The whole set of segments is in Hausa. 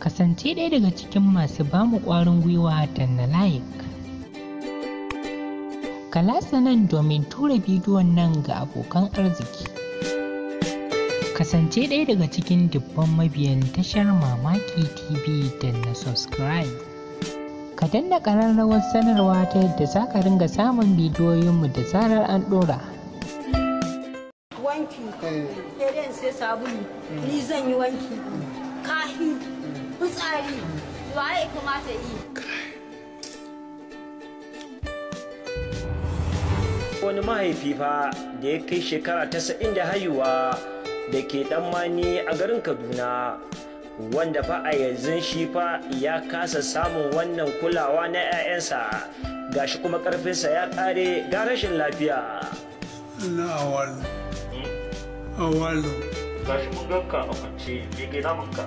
kasance ɗaya daga cikin masu ba mu ƙwarin gwiwa da na like. Kalasa nan domin tura bidiyon nan ga abokan arziki. Kasance ɗaya daga cikin dubban mabiyan tashar Mamaki TV da na subscribe. Ka danna ƙararrawar sanarwa ta yadda za ka ringa samun bidiyoyinmu da zarar an ɗora. Wanki, eh. sai sai ni zan yi wanki. tsari waye wani mahaifi da ya kai shekara tasa'in da haihuwa da ke tsammani a garin kaduna wanda fa a yanzu shi fa ya kasa samun wannan kulawa na 'ya'yansa gashi kuma karfinsa ya kare ga rashin lafiya na awalu awalu gashi mun ganka a kwance ya gina mun ka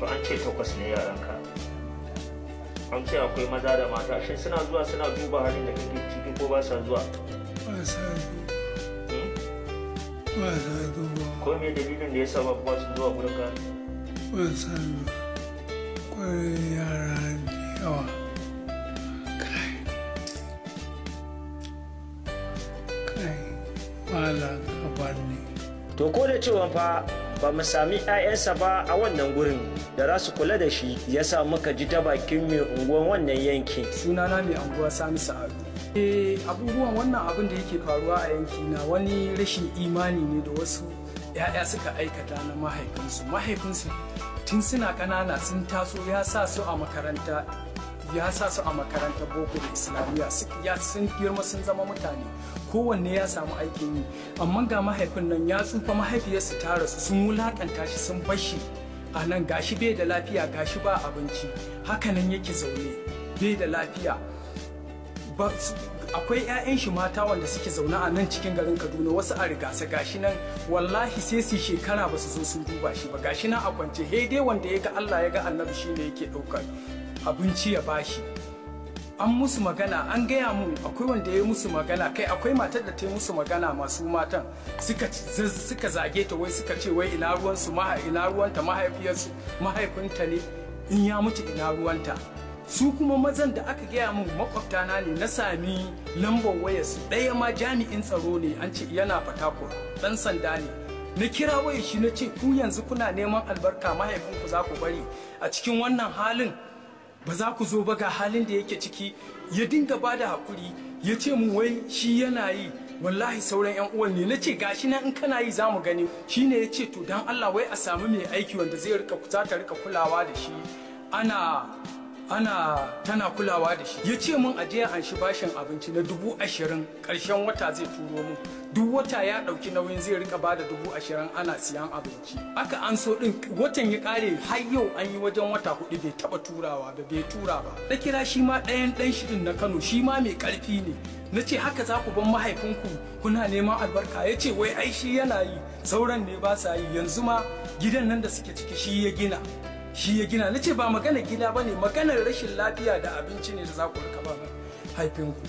to an ce takwas ne yaranka an ce akwai maza da mata shi suna zuwa suna duba halin da kake ciki ko ba sa zuwa ba sa zuwa hmm? ko me dalilin da ya saba ba su zuwa gurin ka ba sa zuwa kwarai yara da yawa kai kai malam kaban ne to ko da cewa fa ba mu sami 'ya'yansa ba a wannan gurin da za su kula da shi ya sa muka ji ta bakin mai unguwan wannan yankin sunana mai unguwa sami sa'adu e eh, abubuwan wannan abin da yake faruwa a yanki na wani rashin imani ne da wasu 'ya'ya suka aikata na mahaifinsu mahaifinsu tun suna ƙanana sun taso ya sa su a makaranta ya sa su a makarantar boko da islamiyya ya sun girma sun zama mutane kowanne ya samu aikin yi amma ga mahaifin nan ya tsufa mahaifiyarsu ta rasu sun wulakanta shi sun bashi a nan gashi bai da lafiya gashi ba abinci hakanan yake zaune bai da lafiya akwai 'ya'yan shi mata wanda suke zaune a nan cikin garin kaduna wasu a rigasa gashi nan wallahi sai su shekara ba su zo sun duba shi ba gashi nan a kwance dai wanda ya ga allah ya ga annabi ne yake ɗaukar abinci ya bashi an musu magana an gaya mu akwai wanda ya musu magana kai akwai matar da ta yi musu magana masu matan suka zage ta wai suka ce wai ina ruwansu ina ruwanta mahaifiyarsu mahaifinta ne in ya mutu ina ruwanta su kuma mazan da aka gaya mun makwabtana ne na sami lambar su ɗaya ma jami'in tsaro ne an ce yana fatako ɗan sanda ne na kira wayar shi na ce ku yanzu kuna neman albarka mahaifinku za ku bari a cikin wannan halin ba za ku zo ba ga halin da yake ciki ya dinga ba da haƙuri ya ce mu wai shi yana yi wallahi sauran yan uwan ne na nace shi nan in kana yi za mu gani shi ne ya ce to dan Allah wai a samu mai aiki wanda zai rika kuta ta rika kulawa da shi ana ana tana kulawa da shi ya ce mun aje an shi bashin abinci na dubu ashirin karshen wata zai turo mu duk wata ya ɗauki nauyin zai rika ba da dubu ashirin ana siyan abinci aka an so ɗin watan ya ƙare har yau an yi wajen wata hudu bai taɓa turawa ba bai tura ba na kira shi ma ɗayan ɗan shi na kano shi ma mai ƙarfi ne na ce haka za ku ban mahaifinku kuna neman albarka ya ce wai ai shi yana yi sauran ne ba sa yi yanzu ma gidan nan da suke ciki shi ya gina shi ya gina nace ba magana gina ne maganar rashin lafiya da abinci ne da za ku rika ba haifinku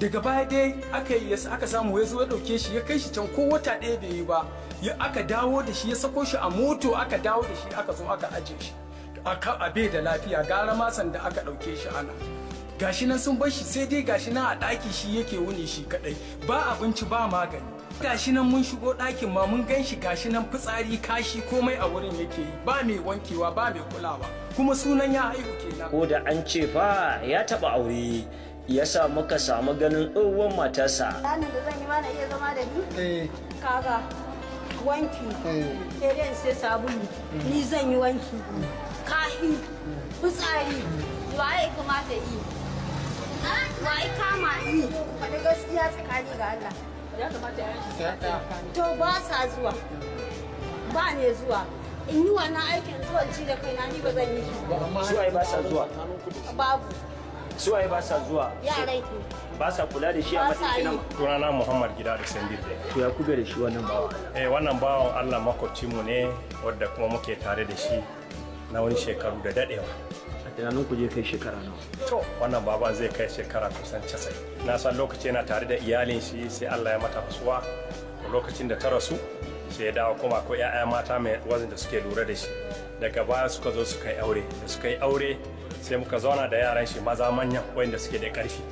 daga baya dai aka yi aka samu ya zo ya dauke shi ya kai shi can ko wata ɗaya bai yi ba ya aka dawo da shi ya sako shi a moto aka dawo da shi aka zo aka aje shi a Abe da lafiya gara masan da aka ɗauke shi ana gashi nan sun bar shi sai dai gashi nan a ɗaki shi yake wuni shi kaɗai. ba abinci ba magani gashi nan mun shigo ɗakin ma mun gan shi gashi nan fitsari kashi komai a wurin yake yi ba mai wankewa ba mai kulawa kuma sunan ya haihu kenan ko da an ce fa ya taba aure ya sa muka samu ganin tsohon matarsa ranar da zan yi mana iya zama da ni eh. kaga wanki eh. sai sai sabulu mm. ni zan yi wanki kashi fitsari waye kamata yi ya kama ni da gaskiya tsakani ga Allah ya kamata ya shi to ba sa zuwa ba ne zuwa in yi wannan aikin zuwan ci da kaina ni ba zan yi shi ba suwaye ba sa zuwa babu suwaye ba sa zuwa yaran ba sa kula da shi a matsayin tunana muhammad gida da sandir da to ya kuga da shi wannan bawan eh wannan bawan allah makwabci mu ne wadda kuma muke tare da shi na wani shekaru da dadewa tunanin ku je kai shekara nawa to wannan baban zai kai shekara kusan 90 na san lokaci yana tare da iyalin shi sai Allah ya mata rasuwa lokacin da ta rasu sai ya dawo kuma ko 'ya'ya mata mai wazin da suke lura da shi daga baya suka zo suka yi aure da suka yi aure sai muka zauna da yaran shi maza manyan wanda suke da karfi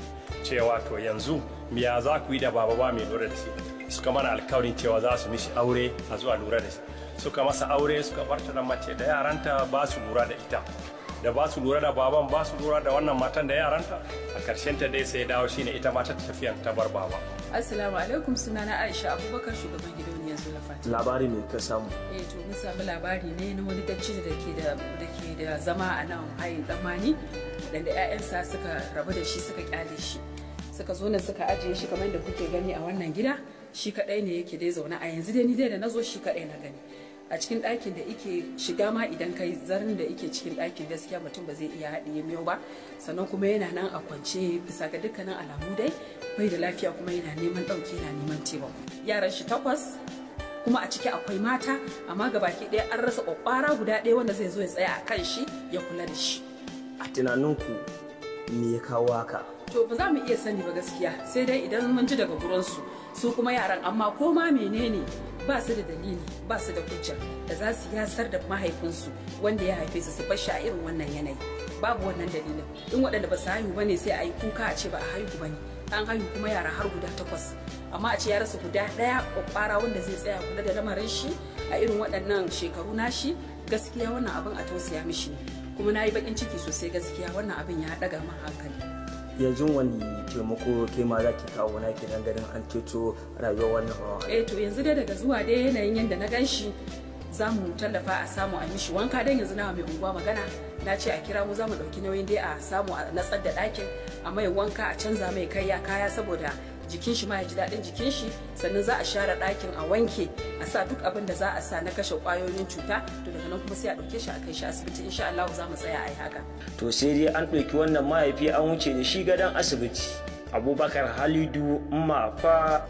cewa to yanzu miya za ku yi da baba ba mai lura da shi suka mana alkawarin cewa za su mishi aure a zuwa lura da shi suka masa aure suka barta da mace da yaranta ba su lura da ita da ba su lura da baban ba su lura da wannan matan da yaranta a karshen ta dai sai dawo shine ita ma ta tafiya ta bar baba assalamu alaikum sunana aisha abubakar shugaban gidauniyar fatima labari ne ka samu eh to mun samu labari ne na wani dacci da ke da da ke da zama a nan hayin damani da ƴaƴansa suka rabu da shi suka kyale shi suka zo nan suka ajiye shi kamar da kuke gani a wannan gida shi kadai ne yake dai zaune a yanzu dai ni dai da nazo shi kadai na gani a cikin ɗakin da ike shiga ma idan kai zarin da ike cikin ɗakin gaskiya mutum ba zai iya haɗiye miyau ba sannan kuma yana nan a kwance bisa ga dukkanin alamu dai bai da lafiya kuma yana neman ɗauke yana neman taimako yaran shi takwas kuma a ciki akwai mata amma ga baki ɗaya an rasa ƙwaƙwara guda ɗaya wanda zai zo ya tsaya a kan shi ya kula da shi a tunaninku me ya kawo haka to ba za mu iya sani ba gaskiya sai dai idan mun ji daga gurinsu su kuma yaran amma koma menene ba su da dalili ba su da hujja da za su yasar da mahaifinsu wanda ya haife su su bar shi a irin wannan yanayi babu wannan dalilin in waɗanda ba su haihu ba ne sai a yi kuka a ce ba a haihu ba ne an haihu kuma yara har guda takwas amma a ce ya rasa guda ɗaya ƙwaƙwara wanda zai tsaya kula da lamarin shi a irin waɗannan shekaru nashi gaskiya wannan abin a tausaya mishi ne kuma na yi baƙin ciki sosai gaskiya wannan abin ya ɗaga min hankali yanzu wani taimako ke ma za ki kawo na kenan garin an ceto rayuwar wannan hawa. eh to yanzu dai daga zuwa dai yanayin yadda na gan shi za mu tallafa a samu a mishi wanka dan yanzu na mai unguwa magana na ce a kira mu za mu ɗauki nauyin dai a samu a natsar da ɗakin a mai wanka a canza mai kaya kaya saboda jikin shi ma ya ji daɗin jikin shi sannan za a share ɗakin a wanke a sa duk abin da za a sa na kashe ƙwayoyin cuta to daga nan kuma sai a ɗauke shi a kai shi asibiti insha Allah za mu tsaya a yi haka. To sai dai an ɗauki wannan mahaifi an wuce da shi gadon asibiti. Abubakar Halidu Mafa